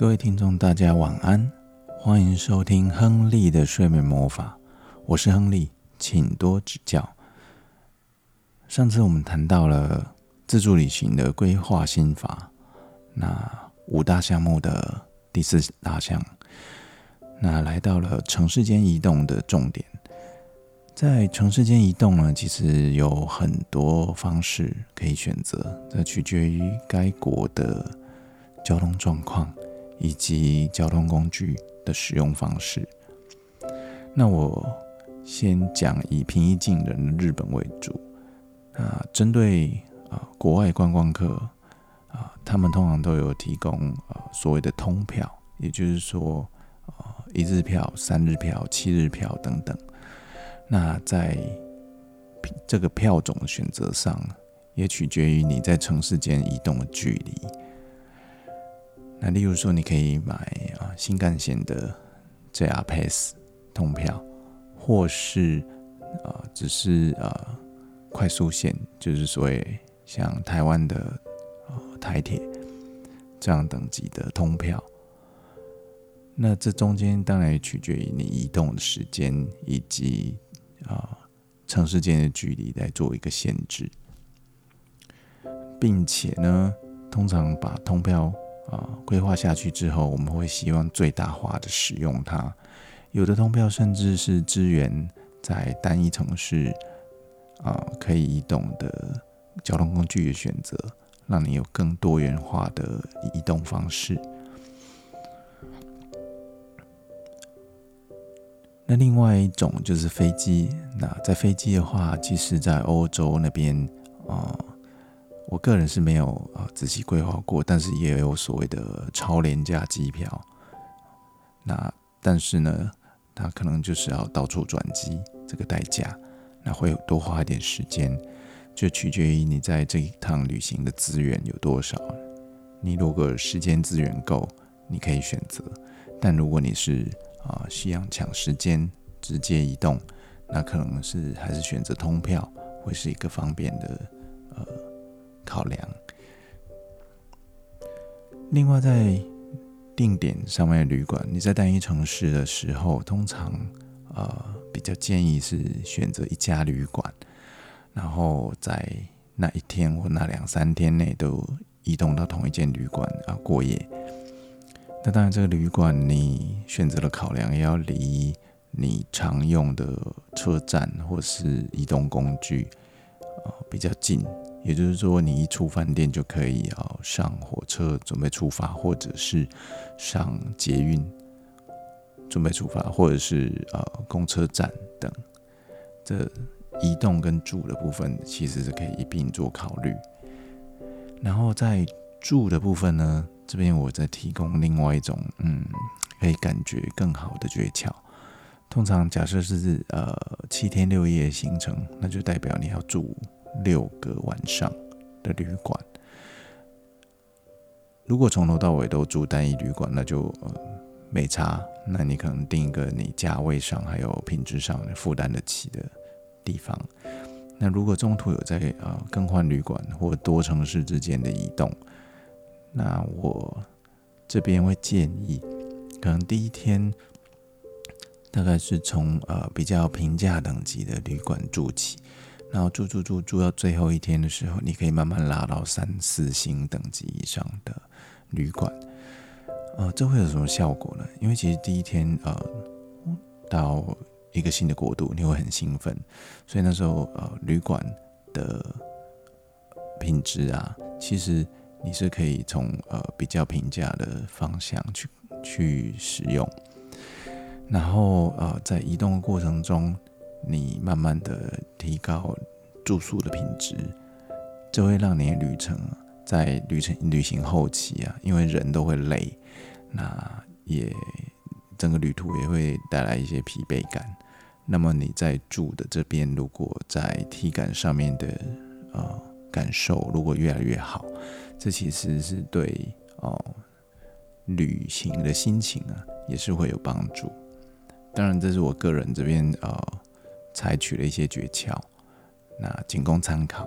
各位聽眾，大家晚安，歡迎收聽亨利的睡眠魔法，我是亨利，請多指教。上次我們談到了自助旅行的規劃心法，那五大項目的第四大項，那來到了城市間移動的重點。在城市間移動呢，其實有很多方式可以選擇，這取決於該國的交通狀況。以及交通工具的使用方式。那我先講以平易近人的日本為主。那針對啊、呃、國外觀光客啊、呃，他們通常都有提供呃所謂的通票，也就是說啊、呃、一日票、三日票、七日票等等。那在這個票種的選擇上，也取決於你在城市間移動的距離。那例如說，你可以買啊新幹線的 JR Pass 通票，或是啊只是啊快速線，就是所謂像台灣的台鐵這樣等級的通票。那這中間當然取決於你移動的時間以及啊城市間的距離來做一個限制，並且呢，通常把通票。啊、呃，規劃下去之後，我們會希望最大化的使用它。有的通票甚至是支援在單一城市啊、呃、可以移動的交通工具的選擇，讓你有更多元化的移動方式。那另外一種就是飛機。那在飛機的話，其實，在歐洲那邊啊。呃我個人是沒有啊，仔細規劃過，但是也有所謂的超廉價機票。那但是呢，他可能就是要到處轉機，這個代價，那會多花一點時間。就取決於你在這一趟旅行的資源有多少。你如果時間資源夠，你可以選擇；但如果你是啊、呃、需要搶時間、直接移動，那可能是還是選擇通票會是一個方便的呃。考量。另外，在定點上面的旅館，你在單一城市的時候，通常呃比較建議是選擇一家旅館，然後在那一天或那兩三天內都移動到同一間旅館啊、呃、過夜。那當然，這個旅館你選擇了考量，也要離你常用的車站或是移動工具、呃、比較近。也就是說，你一出飯店就可以要、啊、上火車準備出發，或者是上捷運準備出發，或者是呃公車站等。這移動跟住的部分其實是可以一併做考慮。然後在住的部分呢，這邊我再提供另外一種嗯，可以感覺更好的訣竅。通常假設是呃七天六夜行程，那就代表你要住。六個晚上的旅館，如果從頭到尾都住單一旅館，那就呃沒差。那你可能訂一個你價位上還有品質上負擔得起的地方。那如果中途有在呃更換旅館或多城市之間的移動，那我這邊會建議，可能第一天大概是從呃比較平價等級的旅館住起。然後住住住住到最後一天的時候，你可以慢慢拉到三四星等級以上的旅館。呃，這會有什麼效果呢？因為其實第一天呃到一個新的國度，你會很興奮，所以那時候呃旅館的品質啊，其實你是可以從呃比較平價的方向去去使用，然後呃在移動的過程中。你慢慢的提高住宿的品質，這會讓你旅程在旅程旅行後期啊，因為人都會累，那也整個旅途也會帶來一些疲憊感。那麼你在住的這邊，如果在體感上面的啊、呃、感受如果越來越好，這其實是對哦、呃、旅行的心情啊也是會有幫助。當然，這是我個人這邊啊。呃採取了一些訣竅，那僅供參考。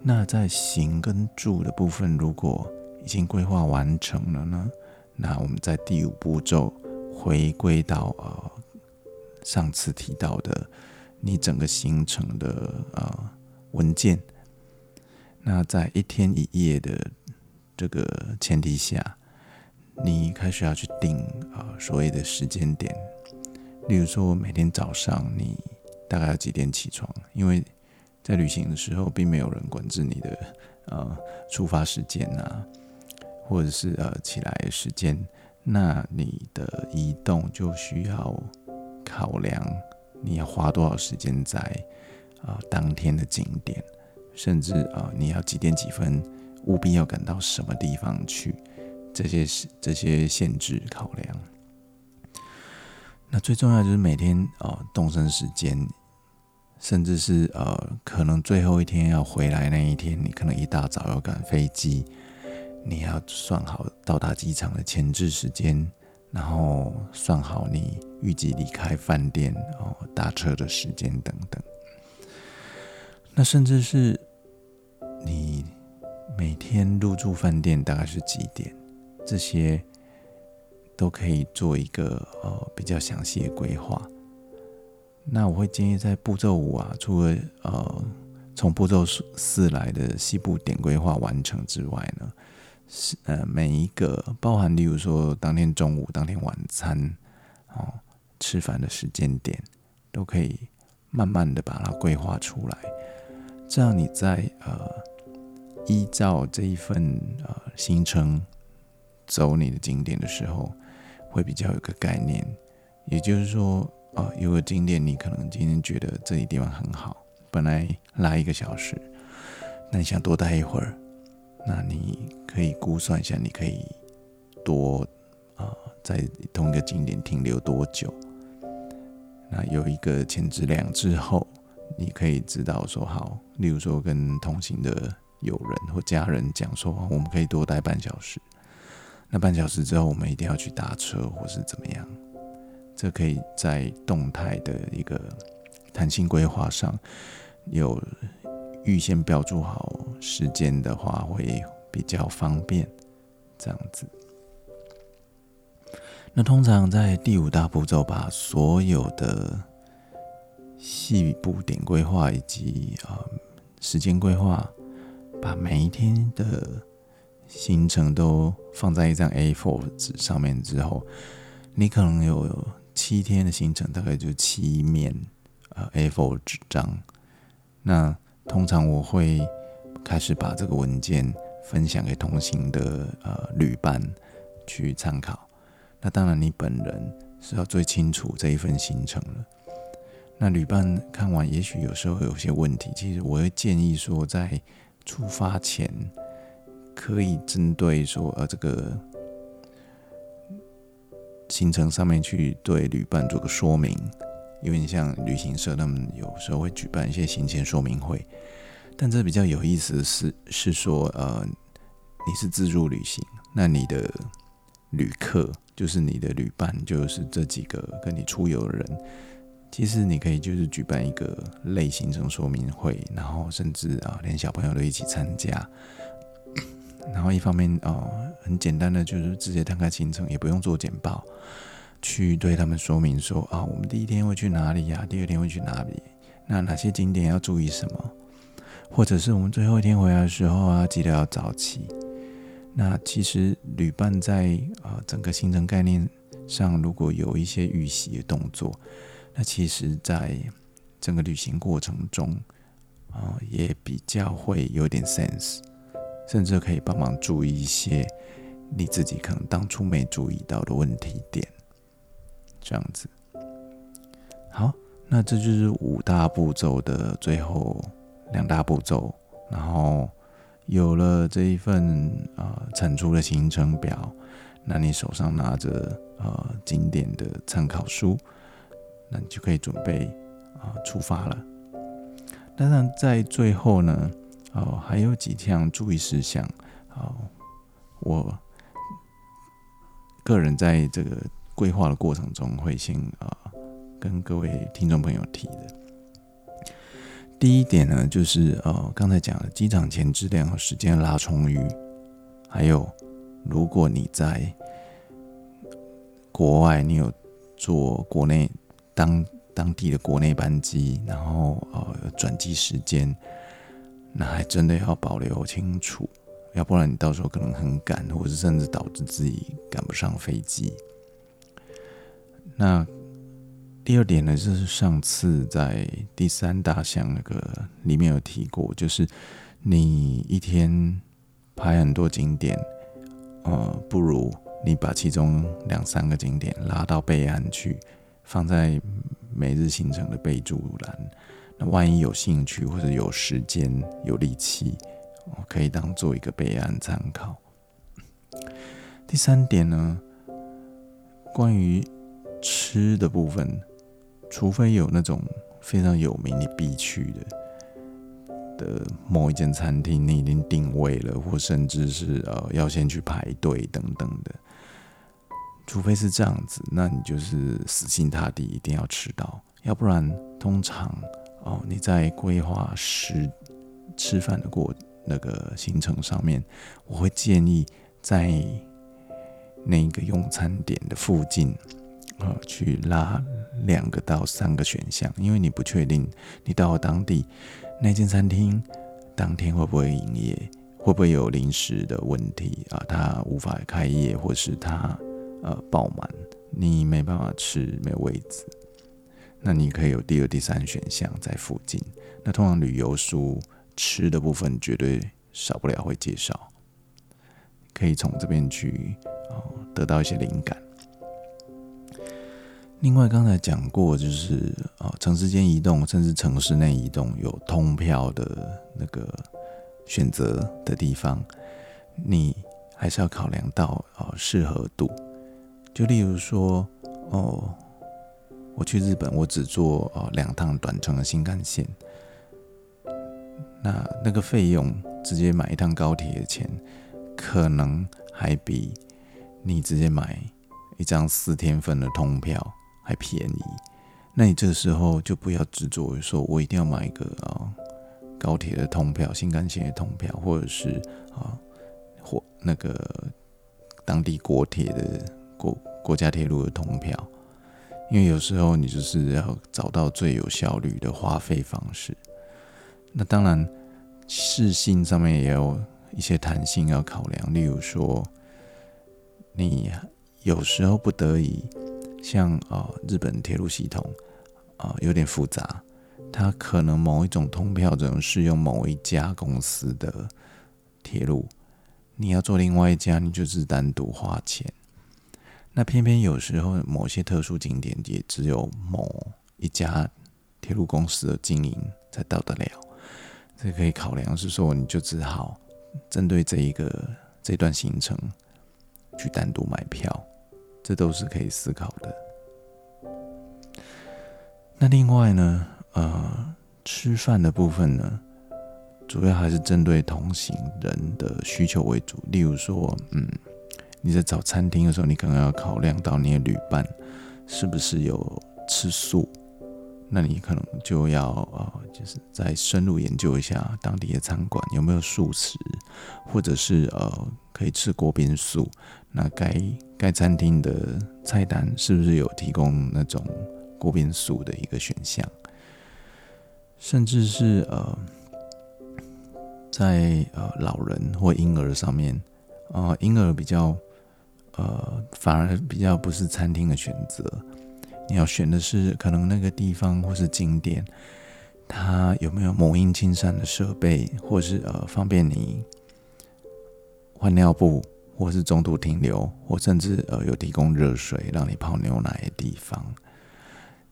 那在行跟住的部分，如果已經規劃完成了呢？那我們在第五步驟回歸到呃上次提到的你整個行程的呃文件。那在一天一夜的這個前提下，你開始要去定啊、呃、所謂的時間點。例如說，每天早上你大概要幾點起床？因為，在旅行的時候，並沒有人管制你的呃出發時間啊，或者是呃起來的時間。那你的移動就需要考量你要花多少時間在啊、呃、當天的景點，甚至啊、呃、你要幾點幾分務必要趕到什麼地方去，這些這些限制考量。那最重要就是每天哦、呃，動身時間，甚至是呃，可能最後一天要回來那一天，你可能一大早要趕飛機，你要算好到達機場的前置時間，然後算好你預計離開飯店哦打、呃、車的時間等等。那甚至是你每天入住飯店大概是幾點？這些。都可以做一個呃比較詳細的規劃。那我會建議在步驟五啊，除了呃從步驟四來的細部點規劃完成之外呢，是呃每一個包含，例如說當天中午、當天晚餐、哦、呃、吃飯的時間點，都可以慢慢的把它規劃出來。這樣你在呃依照這一份呃行程走你的景點的時候，會比較有個概念，也就是說，啊、哦、有個景點你可能今天覺得這裡地方很好，本來拉一個小時，那你想多待一會兒，那你可以估算一下，你可以多啊、呃、在同一個景點停留多久，那有一個前置量之後，你可以知道說好，例如說跟同行的友人或家人講說，我們可以多待半小時。那半小時之後，我們一定要去打車，或是怎麼樣？這可以在動態的一個彈性規劃上，有預先標註好時間的話，會比較方便。這樣子。那通常在第五大步驟，把所有的細部點規劃以及啊、呃、時間規劃，把每一天的。行程都放在一張 A4 紙上面之後，你可能有七天的行程，大概就七面呃 A4 紙張。那通常我會開始把這個文件分享給同行的呃旅伴，去參考。那當然你本人是要最清楚這一份行程了。那旅伴看完，也許有時候有些問題，其實我會建議說，在出發前。可以針對說，呃，這個行程上面去對旅伴，做個說明，因為你像旅行社他們有時候會舉辦一些行前說明會。但這比較有意思的是，是說，呃，你是自助旅行，那你的旅客，就是你的旅伴，就是這幾個跟你出遊的人，其實你可以就是舉辦一個類行程說明會，然後甚至啊，連小朋友都一起參加。然後一方面，呃、哦，很簡單的就是直接攤開行程，也不用做簡報，去對他們說明說啊、哦，我們第一天會去哪裡呀、啊？第二天會去哪裡？那哪些景點要注意什麼？或者是我們最後一天回來的時候啊，記得要早起。那其實旅伴在啊、呃、整個行程概念上，如果有一些預習的動作，那其實在整個旅行過程中啊、呃，也比較會有點 sense。甚至可以幫忙注意一些你自己可能當初沒注意到的問題點，這樣子。好，那這就是五大步驟的最後兩大步驟。然後有了這一份呃產出的行程表，那你手上拿着呃經典的參考書，那你就可以準備啊、呃、出發了。當然，在最後呢。哦，還有幾項注意事項。哦，我個人在這個規劃的過程中會先啊、哦、跟各位聽眾朋友提的。第一點呢，就是呃剛、哦、才講的機場前置量和時間拉充裕，還有如果你在國外，你有坐國內當當地的國內班機，然後呃轉機時間。那還真的要保留清楚，要不然你到時候可能很趕，或者是甚至導致自己趕不上飛機。那第二點呢，就是上次在第三大項那個裡面有提過，就是你一天拍很多景點，呃，不如你把其中兩三個景點拉到備案去，放在每日行程的備註欄。那萬一有興趣或者有時間、有力氣，我可以當做一個備案參考。第三點呢，關於吃的部分，除非有那種非常有名、你必去的的某一間餐廳，你已經定位訂位了，或甚至是呃要先去排隊等等的，除非是這樣子，那你就是死心塌地一定要吃到，要不然通常。哦，你在規劃時吃飯的過那個行程上面，我會建議在那個用餐點的附近，呃、去拉兩個到三個選項，因為你不確定你到了當地那間餐廳當天會不會營業，會不會有臨時的問題啊、呃，他無法開業或是他呃爆滿，你沒辦法吃，沒有位置。那你可以有第二、第三選項在附近。那通常旅游書吃的部分絕對少不了會介紹，可以從這邊去哦得到一些靈感。另外，剛才講過，就是哦城市間移動，甚至城市內移動有通票的那個選擇的地方，你還是要考量到哦適合度。就例如說哦。我去日本，我只坐呃，兩趟短程的新幹線，那那個費用直接買一趟高鐵的錢，可能還比你直接買一張四天份的通票還便宜。那你這時候就不要執着於說我一定要買一個啊高鐵的通票，新幹線的通票，或者是啊或那個當地國鐵的國國家鐵路的通票。因為有時候你就是要找到最有效率的花費方式。那當然，實行上面也有一些彈性要考量。例如說，你有時候不得已，像呃日本鐵路系統啊、呃、有點複雜，它可能某一種通票只能適用某一家公司的鐵路，你要坐另外一家，你就是單獨花錢。那偏偏有時候某些特殊景點也只有某一家鐵路公司的經營才到得了，這可以考量，是說你就只好針對這一個，這段行程去單獨買票，這都是可以思考的。那另外呢，呃，吃飯的部分呢，主要還是針對同行人的需求為主，例如說，嗯。你在找餐廳的時候，你可能要考量到你的旅伴是不是有吃素，那你可能就要呃，就是再深入研究一下當地的餐館有沒有素食，或者是呃可以吃鍋邊素，那該該餐廳的菜單是不是有提供那種鍋邊素的一個選項，甚至是呃在呃老人或嬰兒上面，啊、呃、嬰兒比較。呃，反而比較不是餐廳的選擇。你要選的是，可能那個地方或是景點，它有沒有母嬰親善的設備，或是呃方便你換尿布，或是中途停留，或甚至呃有提供熱水讓你泡牛奶的地方。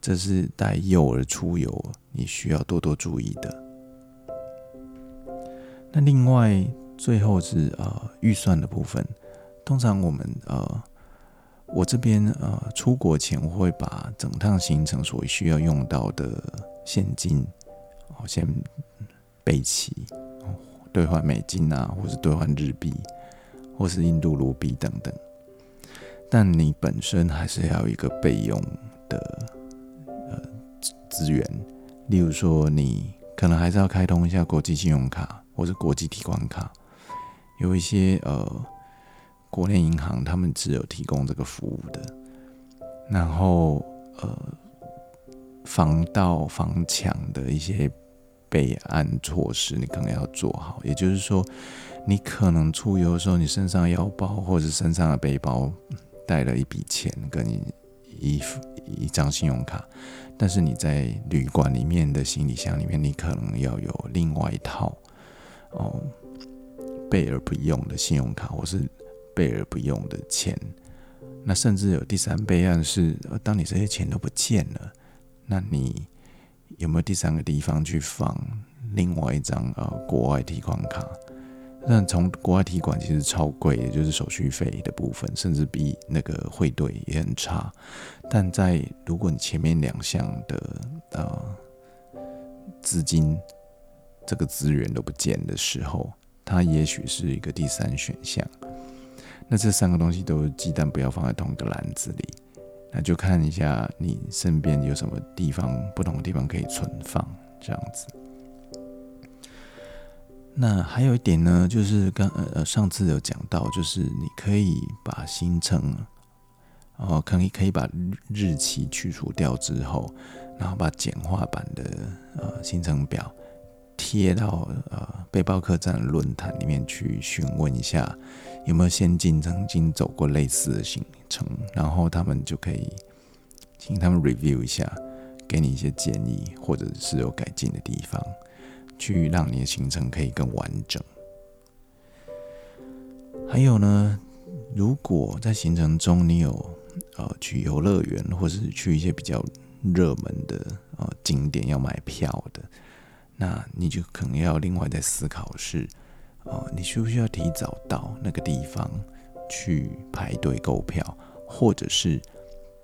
這是帶幼兒出遊你需要多多注意的。那另外，最後是呃預算的部分。通常我們呃，我這邊呃，出國前會把整趟行程所需要用到的現金好先備齊，哦，兌換美金啊，或是兌換日幣，或是印度盧比等等。但你本身還是要有一個備用的呃資源，例如說你可能還是要開通一下國際信用卡或是國際提款卡，有一些呃。國內銀行他們只有提供這個服務的，然後呃，防盜防搶的一些備案措施，你可能要做好。也就是說，你可能出遊的時候，你身上腰包或者是身上的背包帶了一筆錢，跟你一一張信用卡，但是你在旅館裡面的行李箱裡面，你可能要有另外一套哦，備而不用的信用卡，或是。備而不用的錢，那甚至有第三備案是：當你這些錢都不見了，那你有沒有第三個地方去放另外一張，呃，國外提款卡？但從國外提款其實超貴，也就是手續費的部分，甚至比那個匯兌也很差。但在如果你前面兩項的呃資金這個資源都不見的時候，它也許是一個第三選項。那這三個東西都，雞蛋不要放在同一個籃子裡，那就看一下你身邊有什麼地方，不同的地方可以存放這樣子。那還有一點呢，就是剛呃呃上次有講到，就是你可以把行程，哦、呃、可以可以把日期去除掉之後，然後把簡化版的呃行程表。貼到呃背包客棧論壇裡面去詢問一下，有沒有先進曾經走過類似的行程，然後他們就可以請他們 review 一下，給你一些建議，或者是有改進的地方，去讓你的行程可以更完整。還有呢，如果在行程中你有呃去遊樂園，或是去一些比較熱門的呃景點要買票的。那你就可能要另外再思考是，哦，你需不需要提早到那個地方去排隊購票，或者是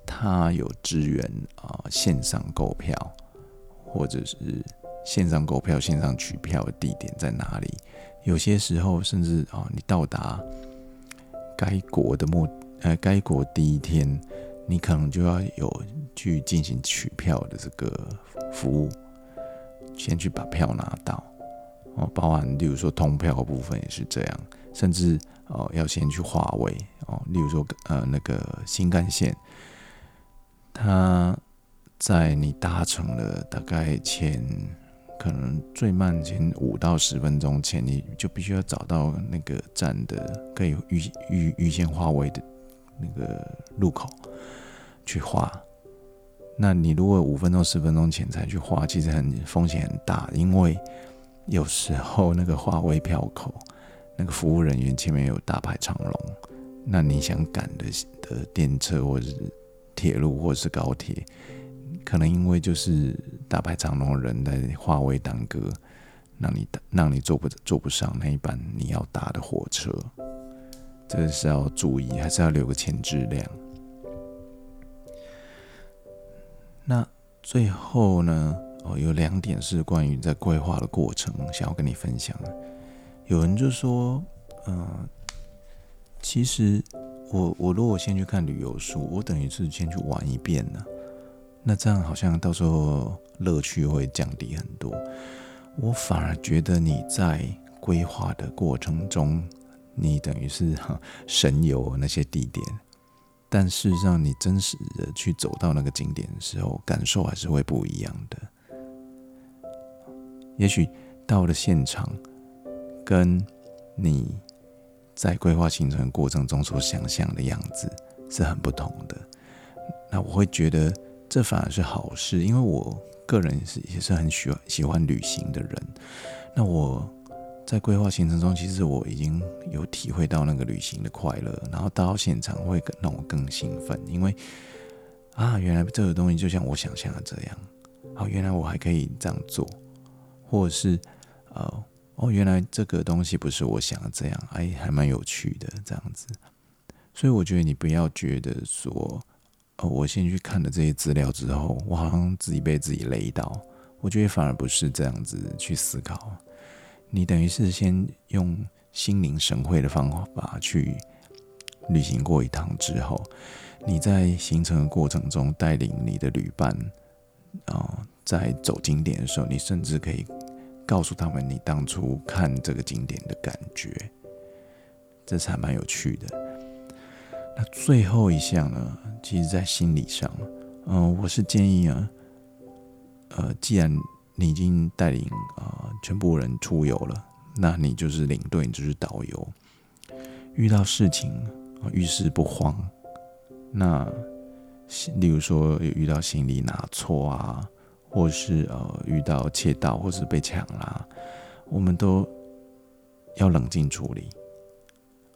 他有支援啊、呃、線上購票，或者是線上購票、線上取票的地點在哪裡？有些時候甚至哦，你到達該國的目呃該國第一天，你可能就要有去進行取票的這個服務。先去把票拿到，哦，包含例如說通票的部分也是這樣，甚至哦要先去劃位，哦，例如說呃那個新幹線，它在你搭乘了大概前可能最慢前五到十分鐘前，你就必須要找到那個站的可以預預預先劃位的那個入口去劃。那你如果五分鐘、十分鐘前才去劃，其實很風險很大，因為有時候那個劃位票口，那個服務人員前面有大排長龍，那你想趕的的電車或者是鐵路或者是高鐵，可能因為就是大排長龍的人在劃位耽擱，讓你讓你坐不坐不上那一班你要搭的火車，這是要注意，還是要留個前置量。那最後呢，哦，有兩點是關於在規劃的過程，想要跟你分享。有人就說，嗯、呃，其實我我如果先去看旅遊書，我等於是先去玩一遍了、啊。那這樣好像到時候樂趣會降低很多。我反而覺得你在規劃的過程中，你等於是哈神遊那些地點。但事實上，你真實的去走到那個景點的時候，感受還是會不一樣的。也許到了現場，跟你在規劃行程過程中所想象的樣子是很不同的。那我會覺得這反而是好事，因為我個人是也是很喜歡喜歡旅行的人。那我。在規劃行程中，其實我已經有體會到那個旅行的快樂，然後到現場會讓我更興奮，因為啊，原來這個東西就像我想象的這樣，好，哦，原來我還可以這樣做，或者是呃，哦，哦，原來這個東西不是我想的這樣，哎，還蠻有趣的這樣子，所以我覺得你不要覺得說，哦，我先去看了這些資料之後，我好像自己被自己累到，我覺得反而不是這樣子去思考。你等於是先用心領神會的方法去旅行過一趟之後，你在行程的過程中帶領你的旅伴啊，在走景點的時候，你甚至可以告訴他們你當初看這個景點的感覺，這才蠻有趣的。那最後一項呢？其實，在心理上，嗯，我是建議啊，呃，既然你已經帶領啊、呃。全部人出遊了，那你就是領隊，你就是導遊。遇到事情啊，遇事不慌。那，例如說遇到行李拿錯啊，或是呃遇到竊盜或者被搶啦、啊，我們都要冷靜處理。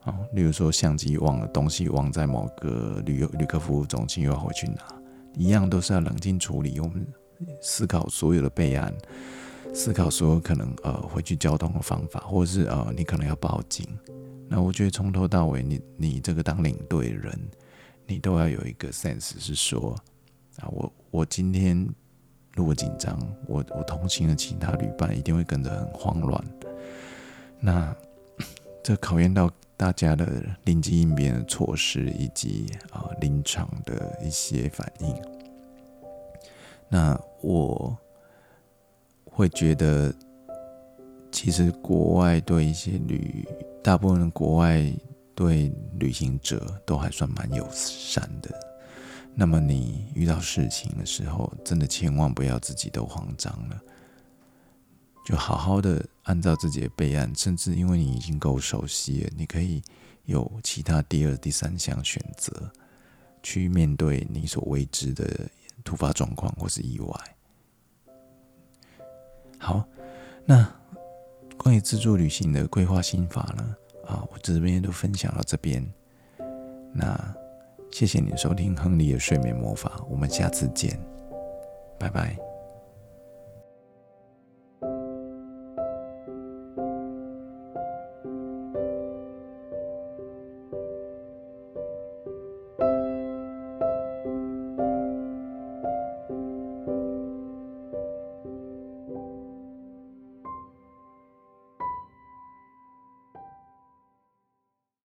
好，例如說相機忘了東西忘在某個旅遊旅客服務中心，又要回去拿，一樣都是要冷靜處理。我們思考所有的備案。思考說可能呃回去交通的方法，或者是呃你可能要報警。那我覺得從頭到尾，你你這個當領隊的人，你都要有一個 sense 是說啊，我我今天如果緊張，我我同行的其他旅伴一定會跟着很慌亂。那這考驗到大家的臨機應變的措施，以及啊、呃、臨場的一些反應。那我。會覺得，其實國外對一些旅，大部分的國外對旅行者都還算蠻友善的。那麼你遇到事情的時候，真的千萬不要自己都慌張了，就好好的按照自己的備案，甚至因為你已經夠熟悉了，你可以有其他第二、第三項選擇，去面對你所未知的突發狀況或是意外。好，那關於自助旅行的規劃心法呢，啊，我這邊都分享到這邊。那謝謝你收聽亨利的睡眠魔法，我們下次見，拜拜。